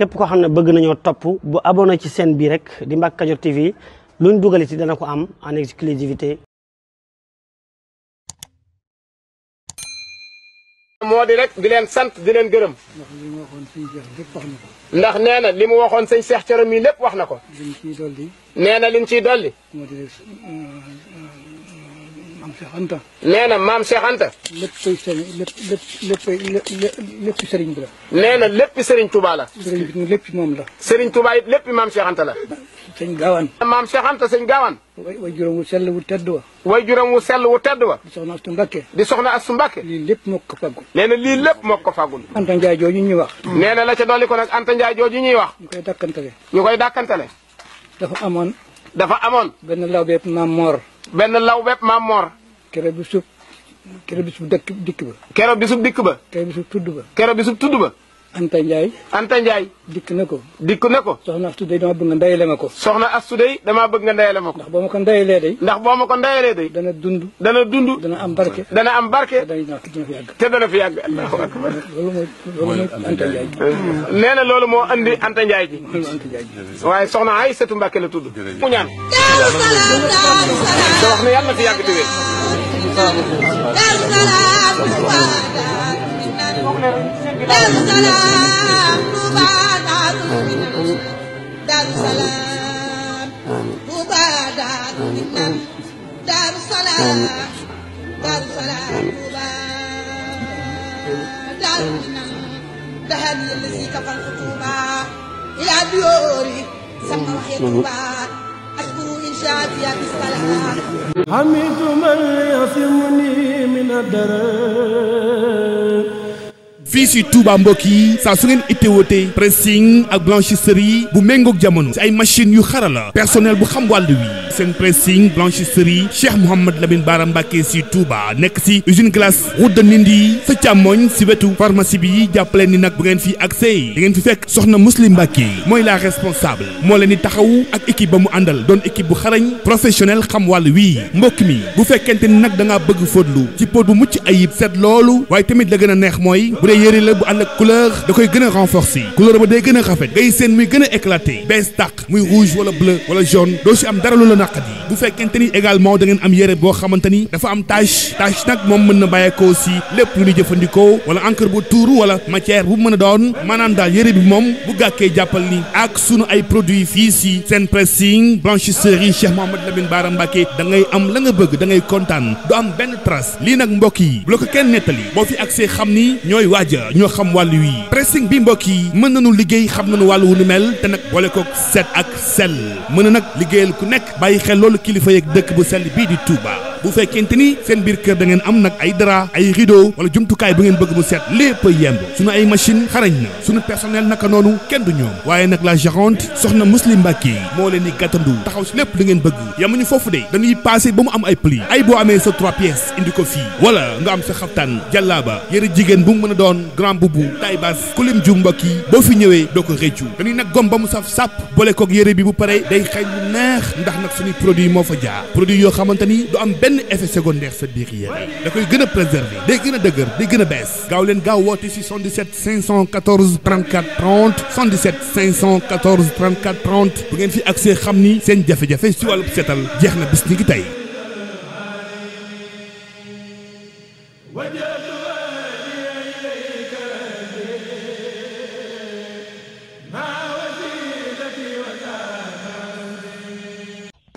képp koo xam ne bëgg nañoo topp bu abonné ci chaîne bi rek di Mbacke Kadior TV luñ dugale ci dana ko am en exclusivité moo di rek di leen sant di leen gërëm na li mu waxoon sëñ Cheikh Thioro mi wax na ko nee na liñ ciy dolli maam Cheikh Anta. nee na maam Cheikh Anta. léppay sëriñ lépp lépp lépp sëriñ bi la. nee na lépp sëriñ Touba la. sëriñ bi lépp moom la. sëriñ Touba it lépp maam Cheikh Anta la. sëñ Gaawaan. maam Cheikh Anta sëñ Gaawaan. way way juróom wu sell wu tedd wa. way juróom wu sell wu tedd wa. di soxna Astu Mbàkke. di soxna Astu Mbàkke. lii lépp moo ko fàggul. nee na lii lépp moo ko fàggul. Anta Ndiaye jooju ñuy wax. nee na la ca dolli ko nag Anta Ndiaye jooju ñuy wax. ñu koy dàkkantale. ñu koy dàkkantale. dafa amoon dafa amoon. benn law bépp maam Mor. benn law bépp maam Mor. keroog bi sub keroog bi sub dëkk dikk ba. keroog bi sub dikk ba. keroog bi sub tudd ba. keroog bi sub tudd ba. Anta Ndiaye. Anta dikk na ko. dikk na ko. soxna Astou Dey dama bëgg nga ma ko. soxna Astou Dey damaa bëgg nga ndayale ma ko. ndax boo ma ko ndayalee day. ndax boo ma ko day. dana dund. dana dund. dana am barke. dana am barke. te dana fi yàgg. loolu mooy loolu mooy Anta eh, nee na loolu moo andi Anta Ndiaye ji. waaye soxna Aïssatou Mbacke la tudd. mu ñaan. te wax ne Daaru Salaam Touba Daaru Minam Daaru Salaam Touba Daaru Minam Daaru Salaam Daaru Salaam Touba Daaru Minam دهني الذي كفى الخطوبة إلى ديوري سمى وحي طوبى أشكر إن شافي بالصلاة حميت من يصمني من الدرر fii si Touba mbokk yi saa su ngeen itteewatee pressing ak blanchisserie bu méngoog jamono si ay machines yu xarala personnel bu xam wàll wi seen pressing blanchisserie Cheikh Mouhamad Lamine Bara Mbacké si Touba nekk si usine glace route de Nindi sa càmmoñ si wetu pharmacie bi jàppale ni nag bu ngeen fi accès da ngeen fi fekk soxna Muslim Mbacké mooy la responsable moo leen di taxawu ak équipe ba mu àndal doon équipe bu xarañ professionnel xam wàll wii mbokk mi bu fekkente ni nag da ngaa bëgg fóotlu ci pot bu mucc ayib seet loolu waaye neex mooy yëre la bu ànd ak couleur da koy gën a renforcer couleur ba day gën a rafet ngay seen muy gën a éclaté bees tàq muy rouge wala bleu wala jaune doo si am dara lu la naqat yi bu fekkente ni également da ngeen am yëre boo xamante ni dafa am tache tache nag moom mën na bàyyeekoo si lépp lu ñu jëfandikoo wala encre bu tuuru wala matière bu mën a doon maanaam daal yëre bi moom bu gàkkee jàppal ni ak sunu ay produits fii si seen pressing blanchisserie Cheikh Mouhamed Lamine Bara Mbacké da ngay am la nga bëgg da ngay kontaan am benn trace lii nag mbokk yi ñoo xam wàllu wi pressing bi mbokk yi mën nañu liggéey xam nañu wàllu wu ni mel te nag boole kook set ak sel mën na nag liggéeyal ku nekk bàyyi xel loolu kilifa yeeg dëkk bu sell bii di Touba bu fekkente ni seen biir kër da ngeen am nag ay dara ay rideau wala jumtukaay bu ngeen bëgg mu seet lépp a yemb suñu ay machine xarañ na suñu personnel naka noonu kenn du ñoom waaye nag la gérante soxna Muslim Mbàkke moo leen di gàttandu taxaw si lépp li ngeen bëgg yamuñu foofu de dañuy passé ba mu am ay pli ay boo amee sa trois pièces indi ko fii wala nga am sa xaftaan jàllaaba yëre jigéen bu mu mën a doon grand boubou taille basse kulim ju mbokk yi boo fi ñëwee doo ko réccu dañuy ba mu saf sàpp boole koog yëre bi bu pare day xeeñ neex ndax nag fa jaar produit yoo xamante benn effet secondaire sa biir yaram da koy gën a préserver day gën a dëgër day gën bees gaaw gaaw woote si 77 514 34 30 77 514 34 30 bu ngeen fi accès xam ni seen jafe-jafe si wàllu setal jeex na bis ñi ngi tey